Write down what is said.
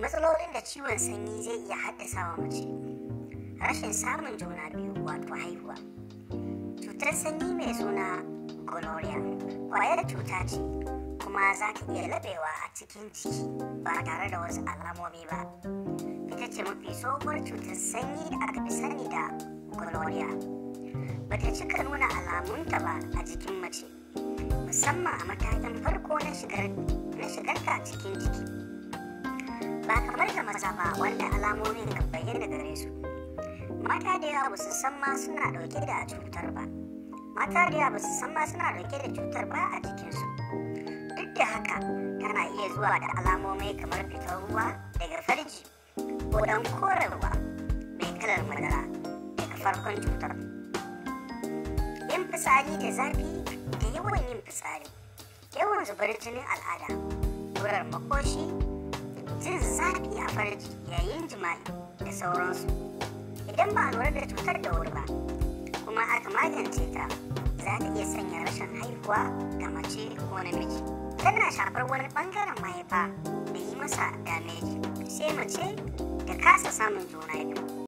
matsalolin da ciwon sanyi zai iya haddasa wa mace rashin samun juna biyu wato haihuwa cutar sanyi mai suna gonorrhea kwayar cuta ce kuma za ta iya labewa a cikin ciki ba tare da wasu alamomi ba ita ce mafi tsohuwar cutar sanyi da aka fi sani da gonorrhea ba ta cika nuna alamunta ba a jikin mace musamman a matakin farko na shigarta cikin jiki kamar da maza ba wanda alamomin kan bayyana gare su mata da yawa su san ma suna dauke da cutar ba mata da yawa su san ma suna dauke da cutar ba a jikinsu duk da haka tana iya zuwa da alamomi kamar fitar ruwa daga farji ko dan korarwa mai kalar madara daga farkon cutar yin fitsari da zafi da yawan yin fitsari yawan zubar jinin al'ada durar makoshi farji yayin jima'i da sauransu idan ba a lura da cutar da wuri ba kuma aka magance ta za ta iya sanya rashin haihuwa ga mace ko namiji tana shafar wani bangaren mahaifa da yi masa dameji sai mace da kasa samun juna biyu